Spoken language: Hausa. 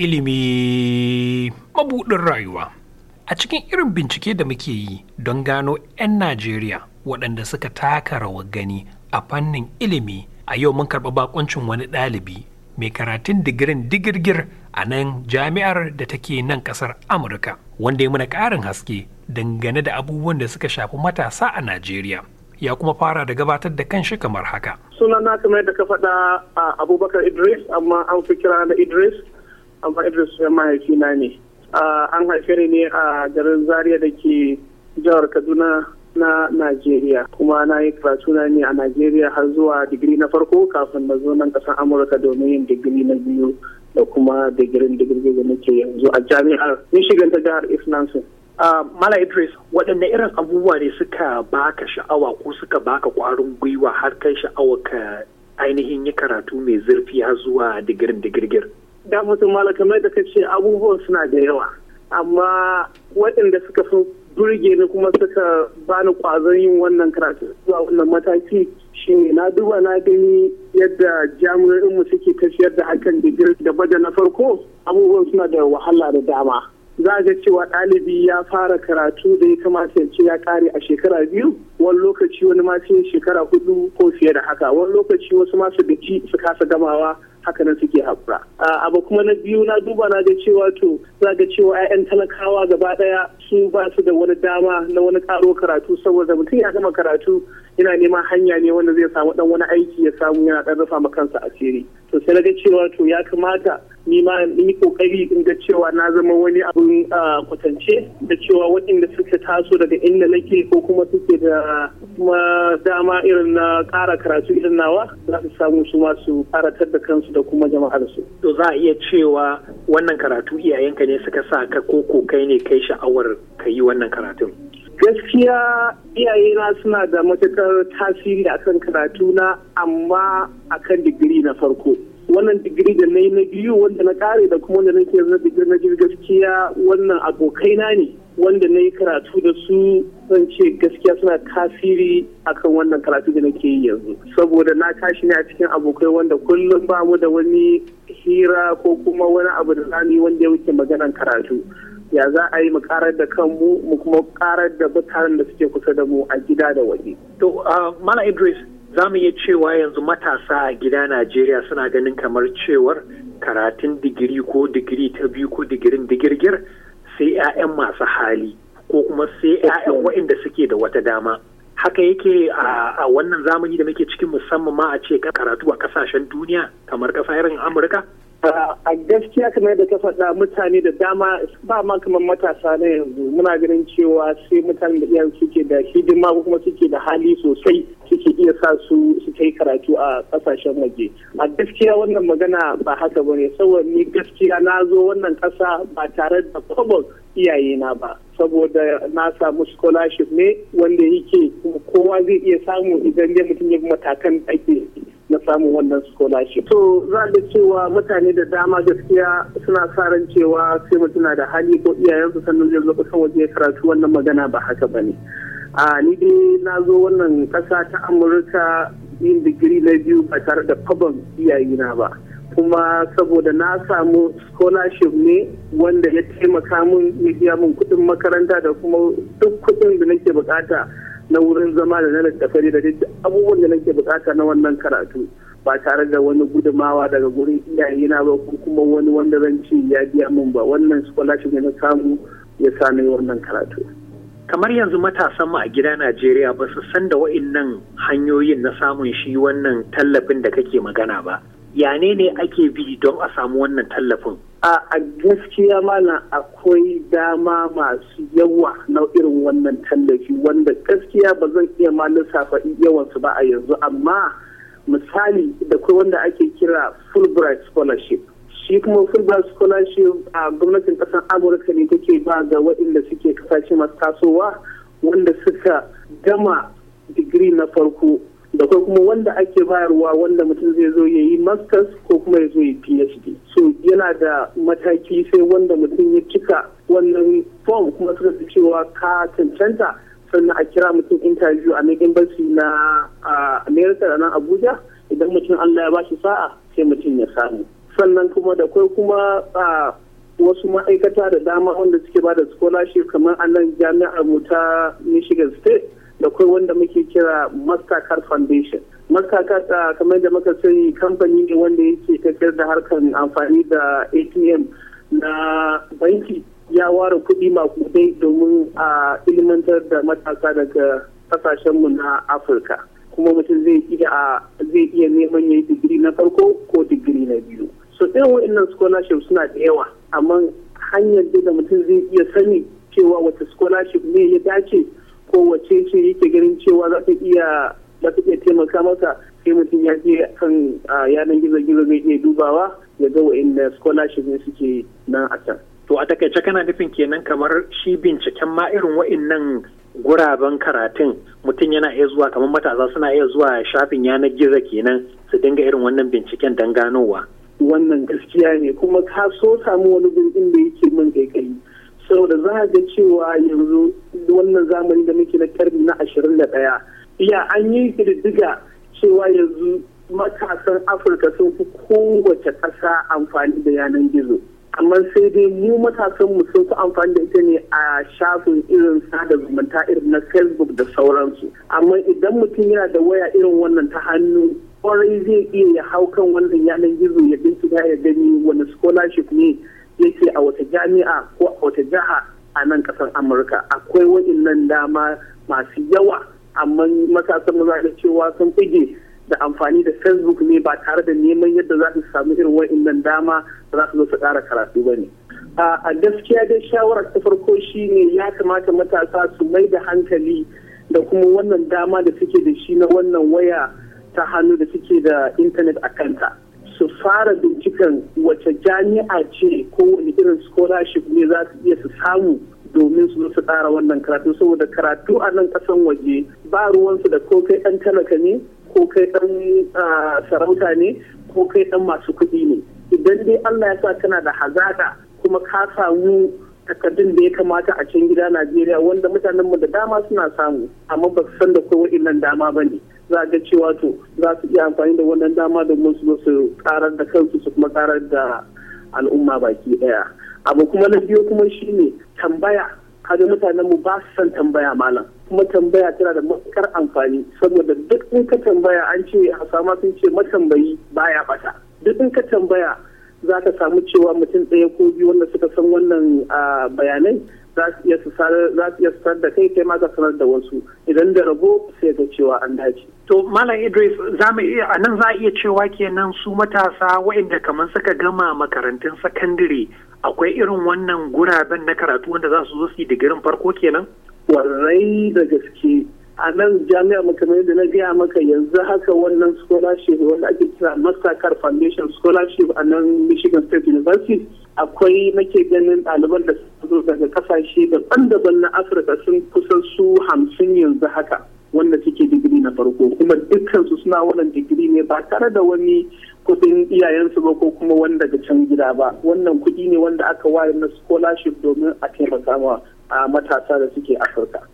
ilimi mabuɗin rayuwa a cikin irin bincike da muke yi don gano 'yan najeriya waɗanda suka taka rawar gani a fannin ilimi a yau mun karɓi bakoncin wani ɗalibi mai karatun digirin digirgir a nan jami'ar da take nan ƙasar amurka wanda ya muna ƙarin haske dangane da abubuwan da suka shafi matasa a najeriya ya kuma fara da gabatar da kan shi kamar haka sunana kamar da ka faɗa a abubakar idris amma an fi kira na idris amma idris ya eh, mahaifina ne ah, an haife ne a garin zaria da ke jihar kaduna na Najeriya kuma na yi karatu na ne a Najeriya har zuwa digiri na farko kafin na zo nan kasar Amurka domin yin digiri na biyu da kuma digirin digirgi da nake yanzu a jami'ar Michigan ta jihar East Lansing. Ah, Mala Idris, waɗanne irin abubuwa ne suka baka sha'awa ko suka baka ƙwarin gwiwa har kai sha'awa ka ainihin yi karatu mai zurfi har zuwa digirin digirgir? da mutum kamar da ka ce abubuwan suna da yawa amma waɗanda suka fi burge ni kuma suka bani ƙwazon yin wannan karatu zuwa wannan mataki shi ne na duba na gani yadda jami'o'inmu suke tafiyar da hakan digiri da bada na farko abubuwan suna da wahala da dama za ga cewa ɗalibi ya fara karatu da ya kamata ya ce ya ƙare a shekara biyu wani lokaci wani ma sai shekara hudu ko fiye da haka wani lokaci wasu masu biki su kasa gamawa haka nan suke haƙura abu kuma na biyu na duba na ga cewa to za ga cewa 'ya'yan talakawa gaba ɗaya su ba su da wani dama na wani ƙaro karatu saboda mutum ya gama karatu yana neman hanya ne wanda zai samu ɗan wani aiki ya samu yana ɗan rufa kansa asiri to sai na ga cewa to ya kamata ni ma in yi kokari in ga cewa na zama wani abun kwatance da cewa waɗanda suka taso daga inda nake ko kuma suke da kuma dama irin na ƙara karatu irin nawa za su samu su masu karatar da kansu da kuma jama'ar su. To za a iya cewa wannan karatu iyayenka ne suka sa ka koko kai ne kai sha'awar ka yi wannan karatun. Gaskiya iyayena suna da matuƙar tasiri akan karatu na amma akan digiri na farko. wannan digiri da na yi na biyu wanda na kare da kuma wanda nake na digiri na gaskiya wannan abokaina ne wanda na yi karatu da su zan ce gaskiya suna tasiri akan wannan karatu da nake yi yanzu saboda na tashi ne a cikin abokai wanda kullum ba mu da wani hira ko kuma wani abu da zamu wanda ya wuce maganan karatu ya za a yi mu karar da kanmu mu kuma karar da mutanen da suke kusa da mu a gida da waje to mala idris za mu iya cewa yanzu matasa a gida najeriya suna ganin kamar cewar karatun digiri ko digiri ta biyu ko digirin digirgir sai 'ya'yan masu hali ko kuma sai 'ya'yan waɗanda suke da wata dama haka yake a wannan zamani da muke cikin musamman ma a ce karatu a kasashen duniya kamar kasa irin amurka a gaskiya kamar da ta faɗa mutane da dama ba ma kamar matasa na yanzu muna ganin cewa sai mutane da iyayen suke da hidima ko kuma suke da hali sosai suke iya sa su su kai karatu a kasashen waje a gaskiya wannan magana ba haka bane saboda ni gaskiya na zo wannan ƙasa ba tare da kwabon na ba saboda na samu scholarship ne wanda yake kowa zai iya samu idan dai mutum ya matakan da ake na samun wannan scholarship. To za da cewa mutane da dama gaskiya suna sa ran cewa sai mutum da hali ko iyayensu sannan zai zo kusan waje karatu wannan magana ba haka ba ne. A ni dai na zo wannan ƙasa ta Amurka yin digiri na biyu ba tare da faban iyayena ba. kuma saboda na samu scholarship ne wanda ya taimaka min ya biya min kuɗin makaranta da kuma duk kuɗin da nake bukata na wurin zama da na littafari da duk abubuwan da nake bukata na wannan karatu ba tare da wani gudumawa daga gurin iyayena ba ko kuma wani wanda zan ce ya biya min ba wannan scholarship na samu ya sami wannan karatu kamar yanzu matasan mu a gida Najeriya ba su san da wa'innan hanyoyin na samun shi wannan tallafin da kake magana ba yane ne ake bi don a samu wannan tallafin a gaskiya mana akwai dama masu yawa na irin wannan tallafi wanda gaskiya ba zan iya ma lissafa yawansu ba a yanzu amma misali da kai wanda ake kira fulbright scholarship shi kuma fulbright scholarship a gwamnatin kasar amurka ne take ba ga waɗanda suke kasashe masu tasowa wanda suka gama digiri na farko da kuma wanda ake bayarwa wanda mutum zai zo ya yi masters ko kuma ya zo ya phd so yana da mataki sai wanda mutum ya cika wannan form kuma suka fi cewa ka cancanta sannan a kira mutum interview a nan embassy na america da nan abuja idan mutum allah ya bashi sa'a sai mutum ya samu sannan kuma da kwai kuma wasu ma'aikata da dama wanda suke ba da scholarship kamar a nan jami'ar mu ta michigan state da kwai wanda muke kira mastercard foundation makakata kamar da muka sani kamfani ne wanda yake tafiyar da harkar amfani da atm na banki ya ware kuɗi makudai domin a ilimantar da matasa daga kasashenmu na afirka kuma mutum zai iya zai iya neman yayi digiri na farko ko digiri na biyu so irin scholarship suna da yawa amma hanyar da mutum zai iya sani cewa wata scholarship ne ya dace ko wace ce yake ganin cewa za ta iya ba su iya taimaka masa sai mutum ya je kan yanar gizo-gizo zai iya dubawa ya ga wa'inda scholarship ne suke nan a can. To a takaice kana nufin kenan kamar shi binciken ma irin wa'innan guraben karatun mutum yana iya zuwa kamar matasa suna iya zuwa shafin yanar gizo kenan su dinga irin wannan binciken don ganowa. Wannan gaskiya ne kuma ka so samu wani gurbin da yake min kai saboda za a ga cewa yanzu wannan zamani da muke na karni na ashirin da ɗaya ya an yi girgiga cewa yanzu matasan afirka sun fi kowace ƙasa amfani da yanar gizo amma sai dai mu matasan mu sun fi amfani da ita ne a shafin irin sada zumunta irin na facebook da sauransu amma idan mutum yana da waya irin wannan ta hannu kwarai zai iya ya hau kan wannan yanar gizo ya bincika ya gani wani scholarship ne yake a wata jami'a ko a wata jiha a nan ƙasar amurka akwai wa'innan dama masu yawa amma matasan maza da cewa sun fige da amfani da facebook ne ba tare da neman yadda za su samu irin waannan dama za su zo su ƙara karatu ba ne a gaskiya dai shawarar ta farko shi ne ya kamata matasa su mai da hankali da kuma wannan dama da suke da shi na wannan waya ta hannu da suke da intanet a kanta su fara binciken wace jami'a ce ko wani irin scholarship ne za su iya su samu domin su su tsara wannan karatu saboda karatu a nan kasan waje ba ruwansu da ko kai ɗan talaka ne ko kai ɗan sarauta ne ko kai ɗan masu kuɗi ne idan dai Allah ya sa kana da hazaka kuma ka samu takardun da ya kamata a can gida Najeriya wanda mutanen mu da dama suna samu amma ba su san da kai wa'innan dama ba ne za ga cewa to za su iya amfani da wannan dama domin su su karar da kansu su kuma karar da al'umma baki ɗaya. abu kuma na biyu kuma shine tambaya kaga mutanen mu ba su son tambaya malam kuma tambaya tana da matukar amfani saboda duk in ka tambaya an ce hasama sun ce matambayi baya bata duk in ka tambaya za ka samu cewa mutum ɗaya ko biyu wanda suka san wannan ah, bayanai za su iya su sanar da kai kai ma za sanar da wasu idan da rabo sai ga cewa an dace. To Malam Idris za mu iya a nan za a iya cewa kenan su matasa waɗanda kamar suka gama makarantun sakandare akwai irin wannan guraben na karatu wanda za su zo su yi digirin farko kenan? Warai da gaske a nan jami'ar mu kamar na gaya maka yanzu haka wannan scholarship wanda ake kira mastercard foundation scholarship a nan michigan state university akwai nake ganin ɗaliban da suka zo daga kasashe daban-daban na afirka sun kusan su hamsin yanzu haka wanda suke digiri na farko kuma dukkansu suna wannan digiri ne ba tare da wani kudin iyayensu ba ko kuma wani daga can gida ba wannan kuɗi ne wanda aka ware na scholarship domin a taimaka ma matasa da suke afirka